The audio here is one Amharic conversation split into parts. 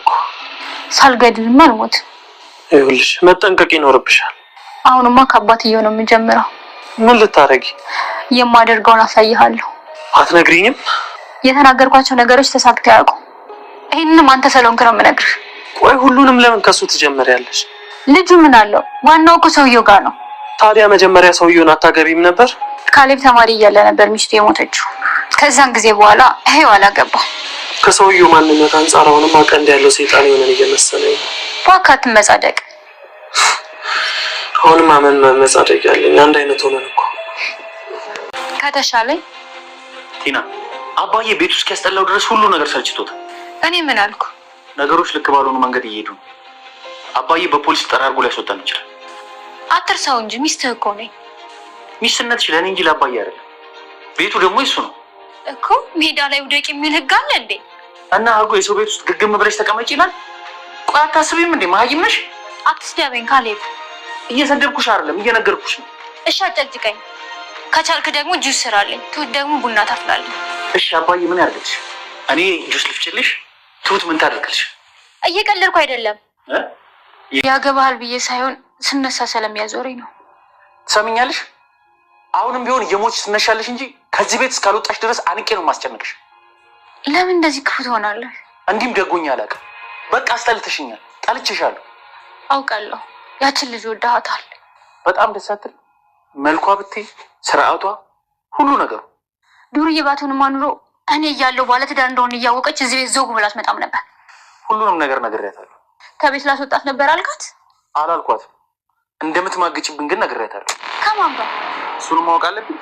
እኮ ሳልገድልማ አልሞትም። ይኸውልሽ መጠንቀቅ ይኖርብሻል። አሁንማ ከአባትየው ነው የምጀምረው። ምን ልታረጊ? የማደርገውን አሳይሃለሁ። አትነግሪኝም? የተናገርኳቸው ነገሮች ተሳክተው ያውቁ ይህንንም አንተ ስለሆንክ ነው የምነግርህ። ቆይ ሁሉንም ለምን ከሱ ትጀምሪያለሽ? ልጁ ምን አለው? ዋናው እኮ ሰውየው ጋር ነው። ታዲያ መጀመሪያ ሰውየውን አታገቢም ነበር? ካሌብ ተማሪ እያለ ነበር ሚስቱ የሞተችው። ከዛን ጊዜ በኋላ ይሄው አላገባ ከሰውየው ማንነት አንጻር አሁንም አቀንድ ያለው ሰይጣን የሆነን እየመሰለኝ ነው። እባክህ አትመጻደቅ። አሁንም አመን መመጻደቅ ያለኝ አንድ አይነት ሆነን እኮ ከተሻለኝ። ቲና አባዬ ቤቱ እስኪያስጠላው ድረስ ሁሉ ነገር ሰልችቶታል። እኔ ምን አልኩ? ነገሮች ልክ ባልሆኑ መንገድ እየሄዱ ነው። አባዬ በፖሊስ ጠራርጎ ሊያስወጣን ይችላል። አትርሳው እንጂ ሚስትህ እኮ ነኝ። ሚስትነትሽ ለእኔ እንጂ ለአባዬ አይደለም። ቤቱ ደግሞ ይሱ ነው እኮ ሜዳ ላይ ውደቅ የሚል ህግ አለ እንዴ? እና አጎ የሰው ቤት ውስጥ ግግም ብለሽ ተቀመጭ ይላል። ቆይ አታስቢም እንዴ? መሀይም ነሽ። አትስደበኝ ካሌብ። እየሰደብኩሽ አይደለም እየነገርኩሽ ነው። እሺ አጨቅጭቀኝ፣ ከቻልክ ደግሞ ጁስ ስራልኝ፣ ትሁት ደግሞ ቡና ታፍላለኝ። እሺ አባዬ ምን ያደርግልሽ? እኔ ጁስ ልፍጭልሽ፣ ትሁት ምን ታደርግልሽ? እየቀለድኩ አይደለም። ያገባሃል ብዬ ሳይሆን ስነሳ ስለሚያዞረኝ ነው። ትሰምኛለሽ? አሁንም ቢሆን የሞች ስነሻለሽ እንጂ ከዚህ ቤት እስካልወጣሽ ድረስ አንቄ ነው የማስጨንቅሽ። ለምን እንደዚህ ክፉ ትሆናለህ? እንዲህም ደጎኛ አላውቅም። በቃ አስጠልትሽኛል። ጠልቼሻለሁ። አውቃለሁ። ያችን ልጅ ወዳሃታል። በጣም ደስ አትል። መልኳ ብቴ፣ ስርዓቷ፣ ሁሉ ነገሩ። ዱርዬ ባትሆንማ ኑሮ እኔ እያለሁ ባለትዳር እንደሆነ እያወቀች እዚህ ቤት ዘውግ ብላ አትመጣም ነበር። ሁሉንም ነገር ነግሬያታለሁ። ከቤት ላስወጣት ነበር አልካት? አላልኳትም። እንደምትማግጭብን ግን ነግሬያታለሁ። ከማን ጋር? እሱንም ማወቅ አለብኝ።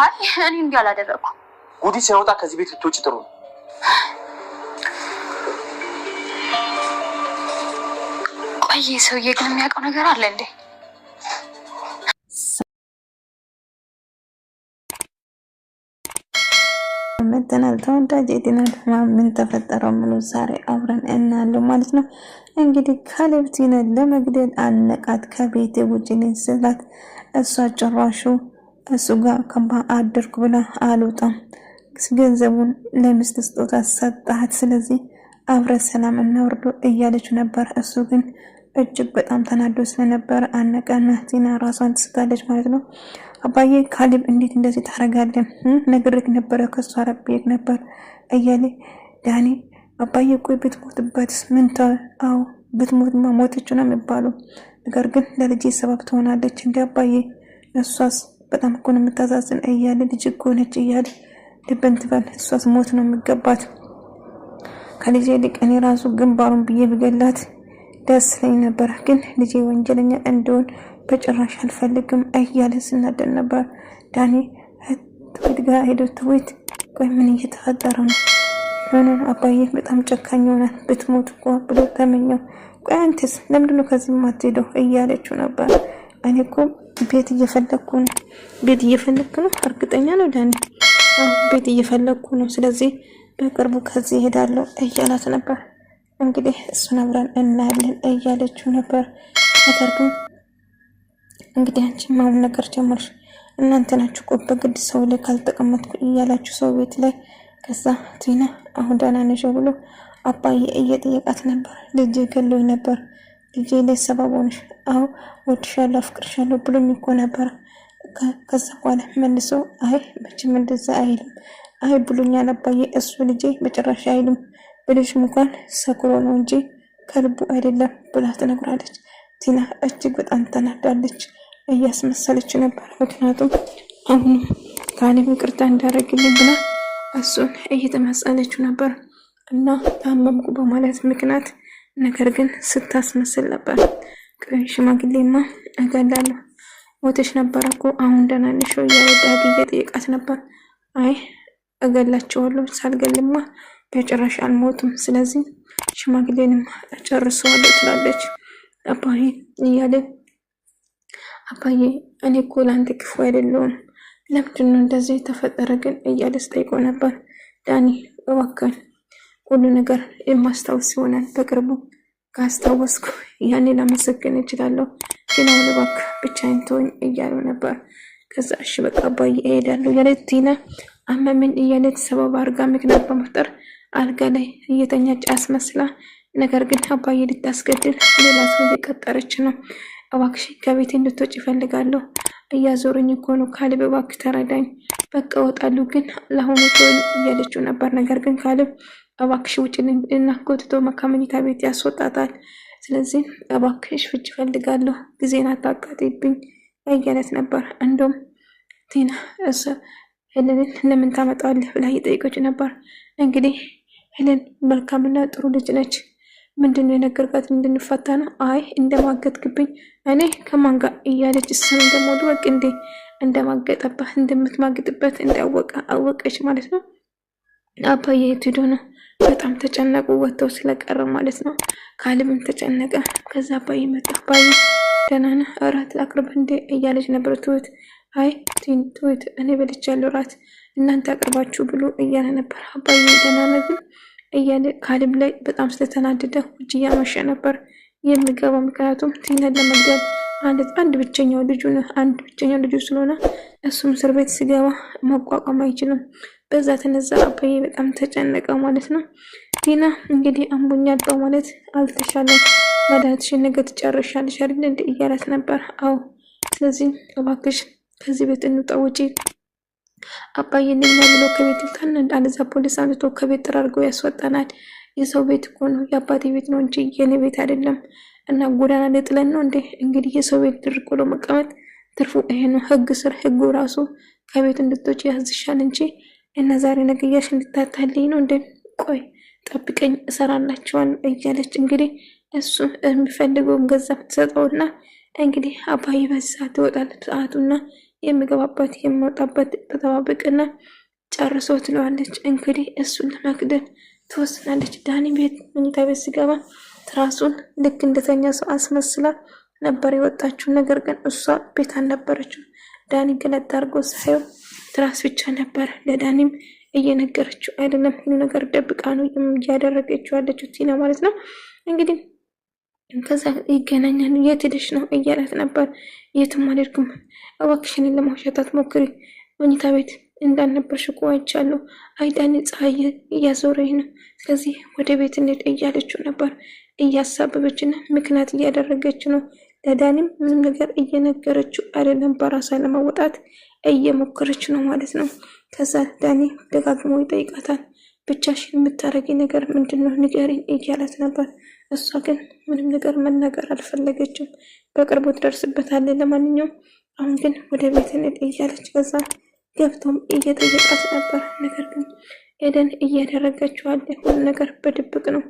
አይ እኔ እንዲህ አላደረኩም። ጉዲ ሲያወጣ ከዚህ ቤት ልትወጪ ጥሩ ነው። ቆይ ሰውዬ ግን የሚያውቀው ነገር አለ እንዴ? መተናል ተወዳጅ የጤና ድራማ ምን ተፈጠረው? ምሉ ዛሬ አብረን እናያለን ማለት ነው። እንግዲህ ካሌብ ቲናን ለመግደል አነቃት። ከቤት ውጭ ነኝ ስላት እሷ ጭራሹ እሱ ጋር ከባ አድርኩ ብላ አልወጣም ገንዘቡን ለሚስት ስጦታ ሰጣት። ስለዚህ አብረ ሰላም እናውርዶ እያለች ነበር። እሱ ግን እጅግ በጣም ተናዶ ስለነበር አነቀና ቲና ራሷን ትስታለች ማለት ነው። አባዬ ካሌብ እንዴት እንደዚህ ታደርጋለን? ነግሬህ ነበረ ከሱ አረቤት ነበር እያለ ዳኒ አባዬ ቆይ ብትሞትበትስ ምን አው ብትሞትማ ሞተች ነው የሚባለው። ነገር ግን ለልጄ ሰበብ ትሆናለች እንደ አባዬ እሷስ በጣም እኮ ነው የምታሳዝን እያለ ልጅ እኮ ነች እያለ ልብን ትበል። እሷስ ሞት ነው የሚገባት። ከልጄ ይልቅ እኔ ራሱ ግንባሩን ብዬ ብገላት ደስ ለኝ ነበር፣ ግን ልጄ ወንጀለኛ እንደሆን በጭራሽ አልፈልግም እያለ ስናደድ ነበር። ዳኒ ትዊት ጋ ሄዶ ትዊት፣ ቆይ ምን እየተፈጠረ ነው? የሆነ አባዬ በጣም ጨካኝ ሆናል፣ ብትሞት እኮ ብሎ ተመኘው። ቆይ አንተስ ለምንድነው ከዚህ ማትሄደው? እያለችው ነበር። እኔ እኮ ቤት እየፈለግኩ ነው ቤት እየፈለግኩ ነው። እርግጠኛ ነው ዳኒ ቤት እየፈለግኩ ነው፣ ስለዚህ በቅርቡ ከዚህ እሄዳለሁ እያላት ነበር። እንግዲህ እሱን አብረን እናያለን እያለችው ነበር። ነገር ግን እንግዲህ አንቺ ማሁን ነገር ጀመርሽ። እናንተ ናችሁ እኮ በግድ ሰው ላይ ካልተቀመጥኩ እያላችሁ ሰው ቤት ላይ ከዛ ቲና አሁን ደህና ነሽ ብሎ አባዬ እየጠየቃት ነበር። ልጄ ገሎኝ ነበር ልጄ ላይ ሰባቦንሽ አሁ ወድሻለሁ፣ አፍቅርሻለሁ ብሎኝ እኮ ነበር ከዛ በኋላ መልሶ አይ መቼም እንደዛ አይልም፣ አይ ብሎኛል አባዬ፣ እሱ ልጄ በጭራሽ አይልም ብልሽ እንኳን ሰክሮ ነው እንጂ ከልቡ አይደለም ብላ ትነግራለች። ቲና እጅግ በጣም ተናዳለች። እያስመሰለች ነበር። ምክንያቱም አሁኑ ካሌብ ይቅርታ እንዳደረግልኝ ብላ እሱን እየተመሰለችው ነበር እና ታመምኩ በማለት ምክንያት ነገር ግን ስታስመስል ነበር። ሽማግሌማ እገላለሁ ሞተች ነበር እኮ አሁን ደህና ነሽ ወይ እያለ ዳጊ እየጠየቃት ነበር። አይ እገላቸዋለሁ፣ ሳልገልማ በጭራሽ አልሞቱም። ስለዚህ ሽማግሌንም ጨርሰዋለሁ ትላለች። አባዬ እያለ አባዬ እኔ እኮ ለአንተ ክፉ አይደለሁም፣ ለምንድን ነው እንደዚህ የተፈጠረ ግን እያለ ስጠይቀው ነበር። ዳኒ እባክህ ሁሉ ነገር የማስታወስ ይሆናል በቅርቡ ካስታወስኩ ያኔ ላመሰግን እችላለሁ ቲና ምን እባክህ ብቻዬን ተወኝ እያለው ነበር። ከዛ እሺ በቃ አባዬ እሄዳለሁ እያለች ቲና አመመኝ እያለች ሰበብ አድርጋ ምክንያት በመፍጠር አልጋ ላይ እየተኛች አስመስላ፣ ነገር ግን አባዬ ልታስገድል ሌላ ሰው እየቀጠረች ነው። እባክሽ ከቤት እንድትወጪ ይፈልጋለሁ እያዞረኝ እኮ ነው። ካልብ እባክህ ተረዳኝ፣ በቃ እወጣለሁ፣ ግን ለአሁኑ ተወኝ እያለችው ነበር። ነገር ግን ካልብ እባክሽ ውጭ እና ጎትቶ መካመኝታ ቤት ያስወጣታል። ስለዚህ እባክሽ ፍች ፈልጋለሁ ጊዜን አታቃጥይብኝ እያለት ነበር። እንደውም ቲና እሱ ህልንን ለምን ታመጣዋለህ ብላ እየጠየቀች ነበር። እንግዲህ ህልን መልካምና ጥሩ ልጅ ነች። ምንድን ነው የነገርካት? እንድንፋታ ነው? አይ እንደማገጥክብኝ እኔ ከማን ጋር እያለች እሱን ደግሞ ወቅ እንዴ እንደማገጠባ እንደምትማግጥበት እንዳወቀ አወቀች ማለት ነው። አባዬ የት ሄዶ ነው በጣም ተጨነቁ። ወጥተው ስለቀረ ማለት ነው። ካልብም ተጨነቀ። ከዛ አባዬ መጣ። አባዬ ደህና ነህ? እራት ላቅርብ እንዴ እያለች ነበር ትሁት። አይ ትሁት እኔ በልቻለሁ እራት እናንተ አቅርባችሁ ብሎ እያለ ነበር። አባዬ ደህና ነህ ግን እያለ ካልብ ላይ በጣም ስለተናደደ ውጭ እያመሸ ነበር የሚገባው። ምክንያቱም ቲናን ለመግደል አንድ ብቸኛው ልጁ አንድ ብቸኛው ልጁ ስለሆነ እሱም እስር ቤት ሲገባ መቋቋም አይችልም። በዛ ተነሳ አባዬ በጣም ተጨነቀ ማለት ነው። ቲና እንግዲህ አምቡኛ አጣው ማለት አልተሻለም፣ መድኃኒትሽን ነገ ትጨርሻለሽ አይደል እንደ እያላት ነበር። አዎ ስለዚህ እባክሽ ከዚህ ቤት እንውጣ፣ ውጪ አባዬ ብሎ ከቤት እንደ አለዛ ፖሊስ አምጥቶ ከቤት ጠራርገው ያስወጣናል። የሰው ቤት እኮ ነው የአባቴ ቤት ነው እንጂ የኔ ቤት አይደለም። እና ጎዳና ለጥለን ነው እንዴ? እንግዲህ የሰው ቤት ድርቅ ብሎ መቀመጥ ትርፉ ይሄ ነው። ህግ ስር ህጉ ራሱ ከቤት እንድትወጪ ያዝሻል እንጂ እና ዛሬ ነገያሽ እንድታታልኝ ነው እንደ ቆይ ጠብቀኝ እሰራላቸዋል እያለች እንግዲህ እሱ የሚፈልገውን ገዛ ትሰጠውና እንግዲህ አባይ በዚህ ሰዓት ሰዓቱና የምገባበት የምወጣበት ተጠባበቅና ጨርሶ ትለዋለች። እንግዲህ እሱን ለመክደን ትወስናለች። ዳኒ ቤት መኝታ ቤት ሲገባ ትራሱን ልክ እንደተኛ ሰው አስመስላ ነበር የወጣችው። ነገር ግን እሷ ቤት አልነበረችም። ዳኒ ገለጥ አድርጎ ሳየው ትራስ ብቻ ነበረ። ለዳኒም እየነገረችው አይደለም፣ ሁሉ ነገር ደብቃ ነው እያደረገችው ያለችው ቲና ማለት ነው። እንግዲህ ከዛ ይገናኛሉ። የት ሄደሽ ነው እያላት ነበር። የትም አልሄድኩም፣ እባክሽን ለማውሸታት ሞክሪ፣ መኝታ ቤት እንዳልነበርሽ እኮ አይቻለሁ። አይዳኒ ፀሐይ እያዞረኝ ነው፣ ስለዚህ ወደ ቤት እንሄድ እያለችው ነበር። እያሳበበችና ምክንያት እያደረገች ነው ለዳኒም ምንም ነገር እየነገረችው አይደለም። በራሷ ለመወጣት እየሞከረች ነው ማለት ነው። ከዛ ዳኒ ደጋግሞ ይጠይቃታል። ብቻሽን የምታረጊ ነገር ምንድን ነው ንገሪኝ እያላት ነበር። እሷ ግን ምንም ነገር መናገር አልፈለገችም። በቅርቡ ትደርስበታለች። ለማንኛውም አሁን ግን ወደ ቤት እንሂድ እያለች ከዛ ገብቶም እየጠየቃት ነበር። ነገር ግን ኤደን እያደረገችው ያለ ሁሉ ነገር በድብቅ ነው።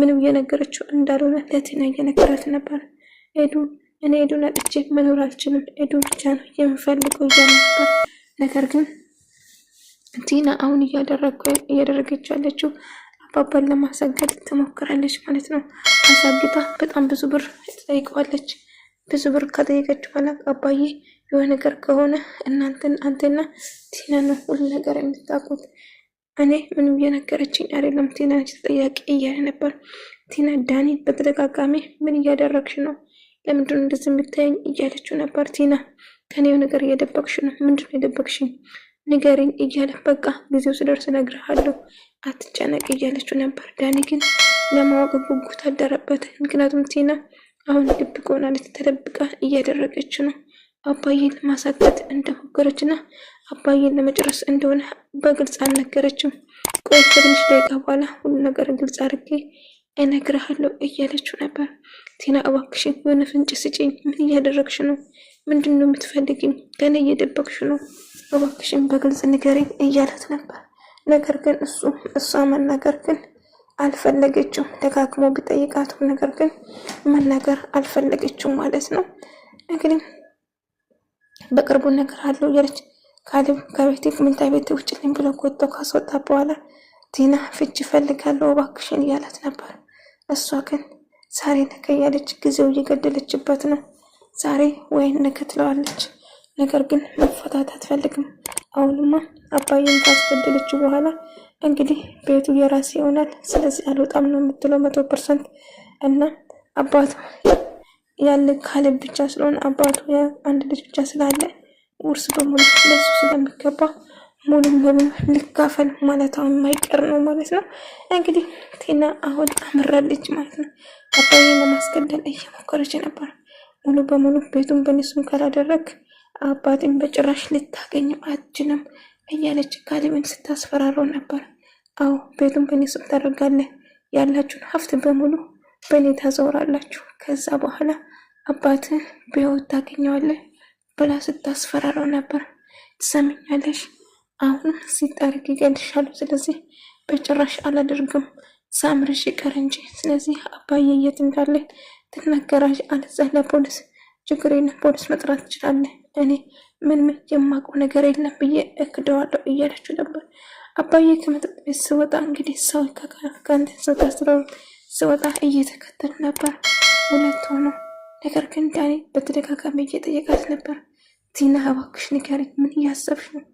ምንም እየነገረችው እንዳልሆነ ለቲና እየነገራት ነበር። ኤዱን እኔ ኤዱን አጥቼ መኖር አልችልም። ኤዱ ብቻ ነው የምፈልገው እያለ ነበር። ነገር ግን ቲና አሁን እያደረገች ያለችው አባባን ለማሳገድ ትሞክራለች ማለት ነው። አሳግታ በጣም ብዙ ብር ትጠይቀዋለች። ብዙ ብር ከጠየቀች በኋላ አባዬ የሆነ ነገር ከሆነ እናንተን አንተና ቲና ነው ሁሉ ነገር የምታውቁት እኔ ምንም እየነገረችኝ አይደለም ቲና ተጠያቂ እያለ ነበር። ቲና ዳኒ በተደጋጋሚ ምን እያደረግሽ ነው ለምንድን ነው እንደዚህ የምታየኝ? እያለችው ነበር ቲና። ከኔው ነገር እየደበቅሽ ነው። ምንድን ነው የደበቅሽኝ? ንገሪኝ እያለ በቃ ጊዜው ስደርስ እነግርሃለሁ፣ አትጨነቅ እያለችው ነበር። ዳኒ ግን ለማወቅ ጉጉት አደረበት። ምክንያቱም ቲና አሁን ድብቅ ሆናለች፣ ተደብቃ እያደረገች ነው። አባዬን ለማሳገት እንደሞከረች አባዬን ለመጨረስ እንደሆነ በግልጽ አልነገረችም። ቆይ ከትንሽ ደቂቃ በኋላ ሁሉ ነገር ግልጽ አድርጌ እነግርሃለሁ እያለችው ነበር። ቲና እባክሽን የሆነ ፍንጭ ስጪኝ። ምን እያደረግሽ ነው? ምንድን ነው የምትፈልጊኝ? ገና እየደበቅሽ ነው። እባክሽን በግልጽ ንገሪኝ እያላት ነበር። ነገር ግን እሱ እሷ መናገር ግን አልፈለገችው። ደጋግሞ ቢጠይቃትም ነገር ግን መናገር አልፈለገችው ማለት ነው። እንግዲህ በቅርቡ ነገር አለው እያለች ካሌብ ከቤቴ ምንታ ቤት ውጭልኝ ብሎ ጎቶ ካስወጣ በኋላ ቲና ፍጅ ይፈልጋለሁ እባክሽን እያላት ነበር። እሷ ግን ዛሬ ነገ እያለች ጊዜው እየገደለችበት ነው። ዛሬ ወይን ነገ ትለዋለች። ነገር ግን መፈታት አትፈልግም። አሁንማ አባዬን ካስገደለችው በኋላ እንግዲህ ቤቱ የራሴ ይሆናል፣ ስለዚህ አልወጣም ነው የምትለው መቶ ፐርሰንት። እና አባቱ ያለ ካሌብ ብቻ ስለሆነ አባቱ አንድ ልጅ ብቻ ስላለ ውርስ በሙሉ ለሱ ስለሚገባ ሙሉ በሙሉ ልካፈል ማለቷ የማይቀር ነው ማለት ነው። እንግዲህ ቴና አሁን አምራለች ማለት ነው። አባዬን ለማስገደል እየሞከረች ነበር። ሙሉ በሙሉ ቤቱን በኒሱም ካላደረግ አባትን በጭራሽ ልታገኝም አትችልም እያለች ካሊምን ስታስፈራረው ነበር። አዎ ቤቱን በኒሱም ታደርጋለህ፣ ያላችሁን ሀብት በሙሉ በእኔ ታዘውራላችሁ፣ ከዛ በኋላ አባትህ በህይወት ታገኘዋለህ ብላ ስታስፈራረው ነበር። ትሰምኛለሽ አሁን ሲጣርግ ይገልሻሉ። ስለዚህ በጭራሽ አላደርግም ሳምርሽ ይቀር እንጂ። ስለዚህ አባዬ የት እንዳለ ትናገራሽ፣ አለዛ ለፖሊስ ችግሬን ፖሊስ መጥራት ትችላለህ። እኔ ምን ምን የማውቀው ነገር የለም ብዬ እክደዋለሁ እያለችው ነበር። አባዬ ከመጠጥ ቤት ስወጣ እንግዲህ ሰው ከንተ ሰው ታስረሩ ስወጣ እየተከተል ነበር ሁለት ሆኖ። ነገር ግን ዳኔ በተደጋጋሚ እየጠየቃት ነበር። ቲና እባክሽ ንገሪኝ፣ ምን እያሰብሽ ነው?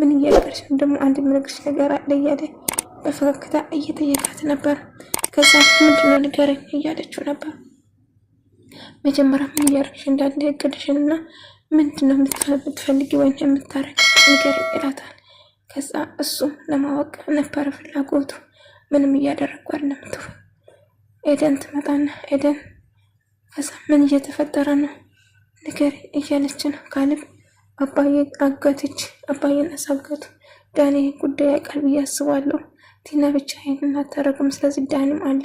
ምን እየነገረች ነው? ደግሞ አንድ የምነግርሽ ነገር አለ እያለ በፈገግታ እየጠየቃት ነበር። ከዛ ምንድን ነው ንገረኝ እያለችው ነበር። መጀመሪያ ምን እያደረግሽ እንዳለ እቅድሽን እና ምንድን ነው የምትፈልጊ ወይም የምታረግ ንገረኝ ይላታል። ከዛ እሱም ለማወቅ ነበር ፍላጎቱ። ምንም እያደረጉ አለምቱ ኤደን ትመጣና ኤደን ከዛ ምን እየተፈጠረ ነው ንገሪ እያለች ነው ካሌብ አባዬን አጋትች አባዬን አሳገቱ። ዳኔ ጉዳይ ያውቃል ብዬ አስባለሁ። ቲና ብቻ ይህንን አታረግም። ስለዚህ ዳንም አለ